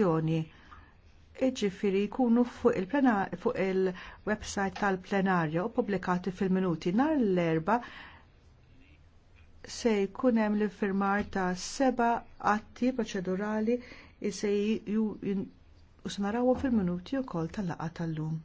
votazzjoni iġifiri jkunu fuq il-website il tal-plenarja u publikati fil-minuti nar l-erba se jkun hemm l-infirmar ta' seba atti proċedurali se u se fil-minuti wkoll tal-laqgħa tal-lum.